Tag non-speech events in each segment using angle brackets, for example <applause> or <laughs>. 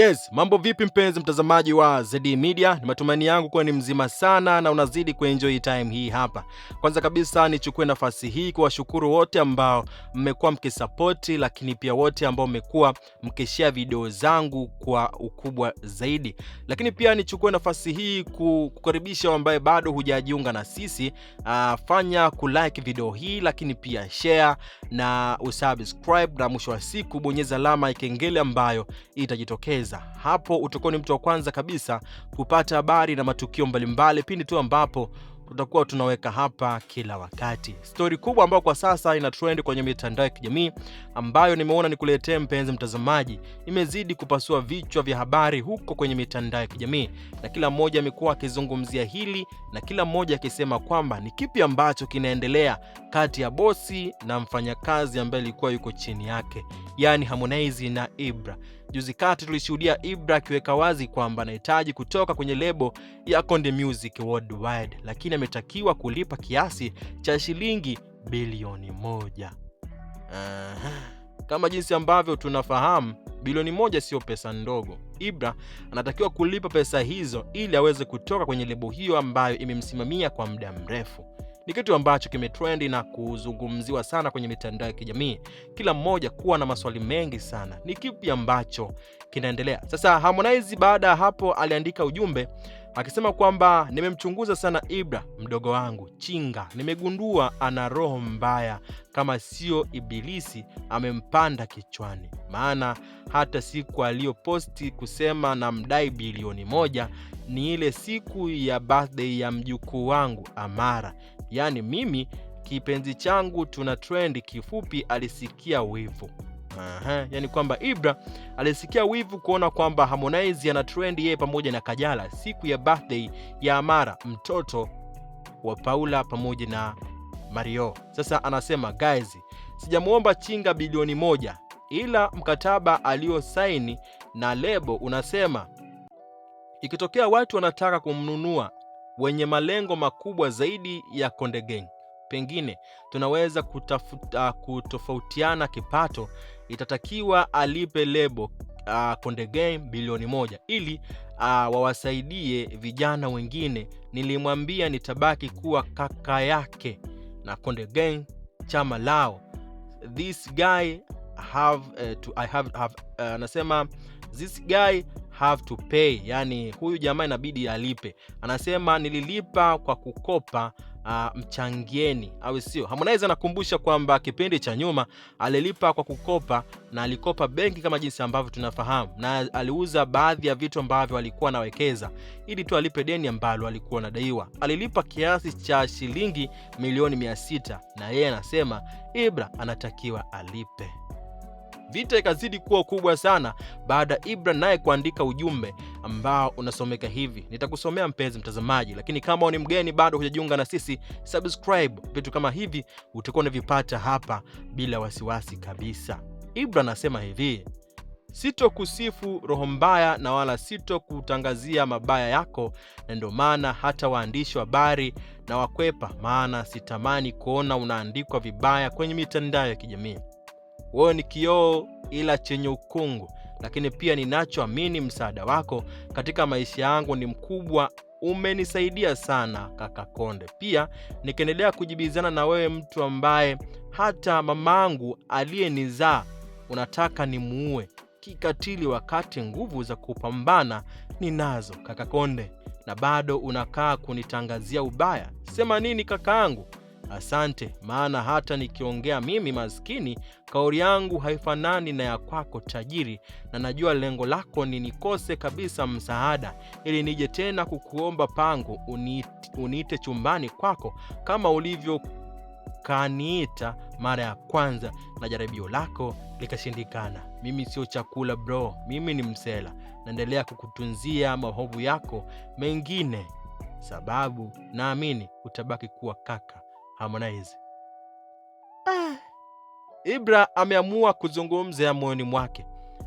Yes, mambo vipi mpenzi mtazamaji wa ZD Media? Ni matumaini yangu kuwa ni mzima sana na unazidi kuenjoy time hii hapa. Kwanza kabisa nichukue nafasi hii kuwashukuru wote ambao mmekuwa mkisapoti, lakini pia wote ambao mmekuwa mkishare video zangu kwa ukubwa zaidi. Lakini pia nichukue nafasi hii kukaribisha ambaye bado hujajiunga na sisi, uh, fanya kulike video hii, lakini pia share na usubscribe, na mwisho wa siku bonyeza alama ya kengele ambayo itajitokeza kuwapendeza. Hapo utakuwa ni mtu wa kwanza kabisa kupata habari na matukio mbalimbali pindi tu ambapo tutakuwa tunaweka hapa kila wakati. Stori kubwa ambayo kwa sasa ina trend kwenye mitandao ya kijamii ambayo nimeona nikuletee mpenzi mtazamaji, imezidi kupasua vichwa vya habari huko kwenye mitandao ya kijamii, na kila mmoja amekuwa akizungumzia hili na kila mmoja akisema kwamba ni kipi ambacho kinaendelea kati ya bosi na mfanyakazi ambaye alikuwa yuko chini yake, yaani Harmonize na Ibra. Juzi kati tulishuhudia Ibra akiweka wazi kwamba anahitaji kutoka kwenye lebo ya Konde Music Worldwide, lakini ametakiwa kulipa kiasi cha shilingi bilioni moja. Aha. Kama jinsi ambavyo tunafahamu, bilioni moja sio pesa ndogo. Ibra anatakiwa kulipa pesa hizo ili aweze kutoka kwenye lebo hiyo ambayo imemsimamia kwa muda mrefu. Ni kitu ambacho kimetrendi na kuzungumziwa sana kwenye mitandao ya kijamii, kila mmoja kuwa na maswali mengi sana, ni kipi ambacho kinaendelea sasa. Harmonize baada ya hapo aliandika ujumbe akisema kwamba nimemchunguza sana Ibra mdogo wangu Chinga, nimegundua ana roho mbaya, kama sio Ibilisi amempanda kichwani, maana hata siku aliyoposti kusema na mdai bilioni moja ni ile siku ya birthday ya mjukuu wangu Amara, yaani mimi kipenzi changu tuna trendi, kifupi alisikia wivu. Aha, yani kwamba Ibra alisikia wivu kuona kwamba Harmonize ana trend yeye pamoja na Kajala siku ya birthday ya Amara mtoto wa Paula pamoja na Mario. Sasa anasema guys, sijamwomba chinga bilioni moja ila mkataba aliosaini na lebo unasema ikitokea watu wanataka kumnunua wenye malengo makubwa zaidi ya Konde Gang, pengine tunaweza kutafuta, kutofautiana kipato itatakiwa alipe lebo uh, Konde Gang bilioni moja ili uh, wawasaidie vijana wengine. Nilimwambia nitabaki kuwa kaka yake na Konde Gang chama lao. This guy have, uh, to, I have, have uh, anasema this guy have to pay, yani huyu jamaa inabidi alipe. Anasema nililipa kwa kukopa uh, mchangieni au sio? Harmonize anakumbusha kwamba kipindi cha nyuma alilipa kwa kukopa na alikopa benki kama jinsi ambavyo tunafahamu, na aliuza baadhi ya vitu ambavyo alikuwa anawekeza ili tu alipe deni ambalo alikuwa anadaiwa. Alilipa kiasi cha shilingi milioni mia sita na yeye anasema Ibra anatakiwa alipe. Vita ikazidi kuwa kubwa sana baada ya Ibra naye kuandika ujumbe ambao unasomeka hivi. Nitakusomea mpenzi mtazamaji, lakini kama ni mgeni bado hujajiunga na sisi, subscribe. Vitu kama hivi utakuwa unavipata hapa bila wasiwasi kabisa. Ibra anasema hivi: Sitokusifu roho mbaya na wala sitokutangazia mabaya yako, na ndio maana hata waandishi wa habari na wakwepa, maana sitamani kuona unaandikwa vibaya kwenye mitandao ya kijamii. Wewe ni kioo ila chenye ukungu, lakini pia ninachoamini msaada wako katika maisha yangu ni mkubwa. Umenisaidia sana kaka Konde. Pia nikiendelea kujibizana na wewe, mtu ambaye hata mamangu aliyenizaa unataka nimuue kikatili, wakati nguvu za kupambana ninazo kaka Konde, na bado unakaa kunitangazia ubaya. Sema nini kakaangu? Asante, maana hata nikiongea mimi maskini, kauli yangu haifanani na ya kwako tajiri, na najua lengo lako ni nikose kabisa msaada, ili nije tena kukuomba pango, uniite chumbani kwako kama ulivyokaniita mara ya kwanza, na jaribio lako likashindikana. Mimi sio chakula bro, mimi ni msela. Naendelea kukutunzia mahovu yako mengine, sababu naamini utabaki kuwa kaka Ah, Harmonize. Ah, Ibra ameamua kuzungumza moyoni mwake.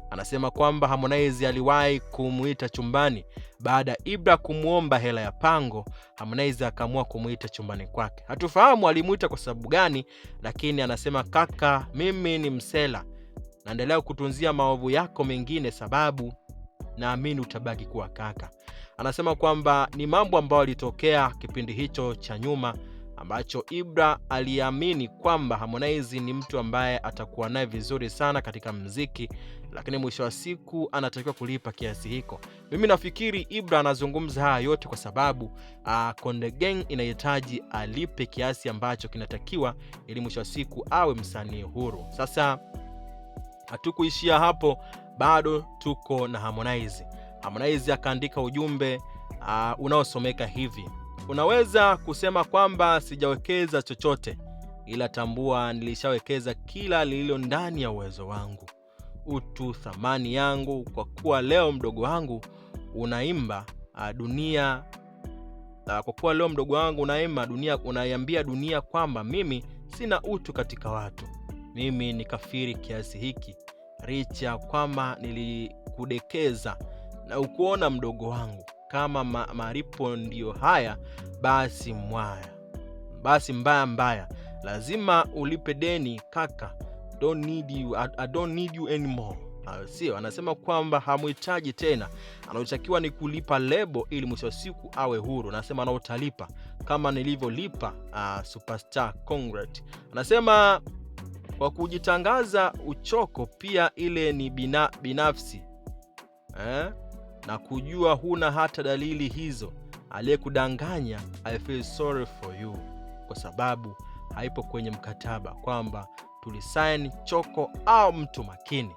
Anasema kwamba Harmonize aliwahi kumuita chumbani baada ya Ibra kumwomba hela ya pango. Harmonize akaamua kumuita chumbani kwake. Hatufahamu alimuita kwa sababu gani, lakini anasema kaka, mimi ni msela, naendelea kutunzia maovu yako mengine, sababu naamini utabaki kuwa kaka. Anasema kwamba ni mambo ambayo yalitokea kipindi hicho cha nyuma ambacho Ibra aliamini kwamba Harmonize ni mtu ambaye atakuwa naye vizuri sana katika mziki, lakini mwisho wa siku anatakiwa kulipa kiasi hiko. Mimi nafikiri Ibra anazungumza haya yote kwa sababu a, ah, Konde Gang inahitaji alipe kiasi ambacho kinatakiwa ili mwisho wa siku awe msanii huru. Sasa hatukuishia hapo, bado tuko na Harmonize. Harmonize akaandika ujumbe ah, unaosomeka hivi: Unaweza kusema kwamba sijawekeza chochote, ila tambua, nilishawekeza kila lililo ndani ya uwezo wangu, utu, thamani yangu, kwa kuwa leo mdogo wangu unaimba ah, dunia, ah, kwa kuwa leo mdogo wangu unaimba dunia, unaiambia dunia kwamba mimi sina utu katika watu, mimi ni kafiri kiasi hiki, licha kwamba nilikudekeza na ukuona mdogo wangu kama ma malipo ndiyo haya, basi mwaya, basi mbaya mbaya, lazima ulipe deni kaka. Don't need you. I, I don't need you anymore. Sio, anasema kwamba hamhitaji tena, anaotakiwa ni kulipa lebo ili mwisho wa siku awe huru. Anasema na utalipa kama nilivyolipa. Uh, Superstar anasema kwa kujitangaza uchoko, pia ile ni bina, binafsi eh? na kujua huna hata dalili hizo, aliyekudanganya I feel sorry for you, kwa sababu haipo kwenye mkataba kwamba tulisaini choko au mtu makini.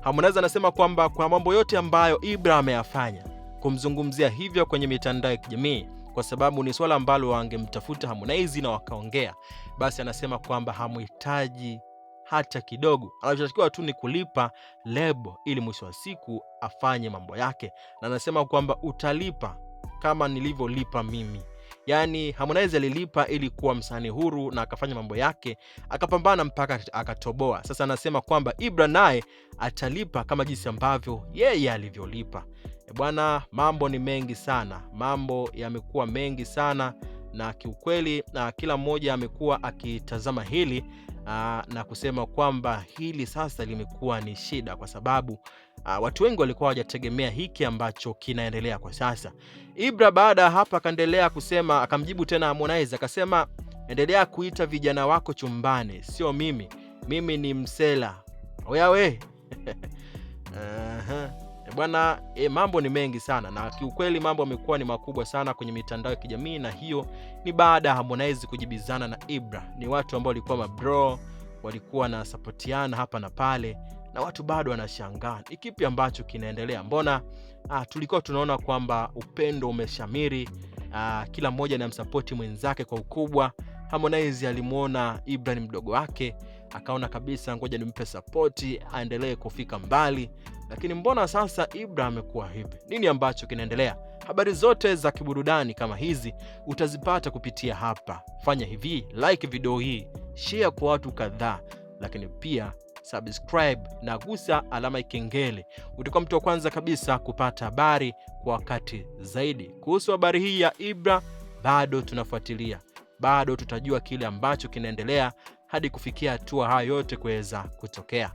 Harmonize anasema kwamba kwa mambo yote ambayo Ibra ameyafanya kumzungumzia hivyo kwenye mitandao ya kijamii kwa sababu ni swala ambalo wangemtafuta Harmonize na wakaongea, basi anasema kwamba hamhitaji hata kidogo. Anachotakiwa tu ni kulipa lebo, ili mwisho wa siku afanye mambo yake, na anasema kwamba utalipa kama nilivyolipa mimi. Yaani Harmonize alilipa ili kuwa msanii huru na akafanya mambo yake, akapambana mpaka akatoboa. Sasa anasema kwamba Ibra naye atalipa kama jinsi ambavyo yeye alivyolipa. E bwana, mambo ni mengi sana, mambo yamekuwa mengi sana na kiukweli na kila mmoja amekuwa akitazama hili aa, ah, na kusema kwamba hili sasa limekuwa ni shida kwa sababu aa, ah, watu wengi walikuwa hawajategemea hiki ambacho kinaendelea kwa sasa. Ibra baada ya hapa akaendelea kusema, akamjibu tena Harmonize akasema, endelea kuita vijana wako chumbani, sio mimi, mimi ni msela oyawe. <laughs> Bwana e, mambo ni mengi sana na kiukweli mambo yamekuwa ni makubwa sana kwenye mitandao ya kijamii, na hiyo ni baada ya Harmonize kujibizana na Ibra. Ni watu ambao walikuwa mabro, walikuwa na wanasapotiana hapa na pale, na watu bado wanashangaa ni kipi ambacho kinaendelea. Mbona ah, tulikuwa tunaona kwamba upendo umeshamiri, ah, kila mmoja anamsapoti mwenzake kwa ukubwa. Harmonize alimwona Ibra ni mdogo wake, akaona kabisa, ngoja nimpe sapoti aendelee kufika mbali lakini mbona sasa Ibra amekuwa hivi? Nini ambacho kinaendelea? Habari zote za kiburudani kama hizi utazipata kupitia hapa. Fanya hivi, like video hii, share kwa watu kadhaa, lakini pia subscribe na gusa alama ikengele. Utakuwa mtu wa kwanza kabisa kupata habari kwa wakati zaidi. Kuhusu habari hii ya Ibra, bado tunafuatilia, bado tutajua kile ambacho kinaendelea hadi kufikia hatua hayo yote kuweza kutokea.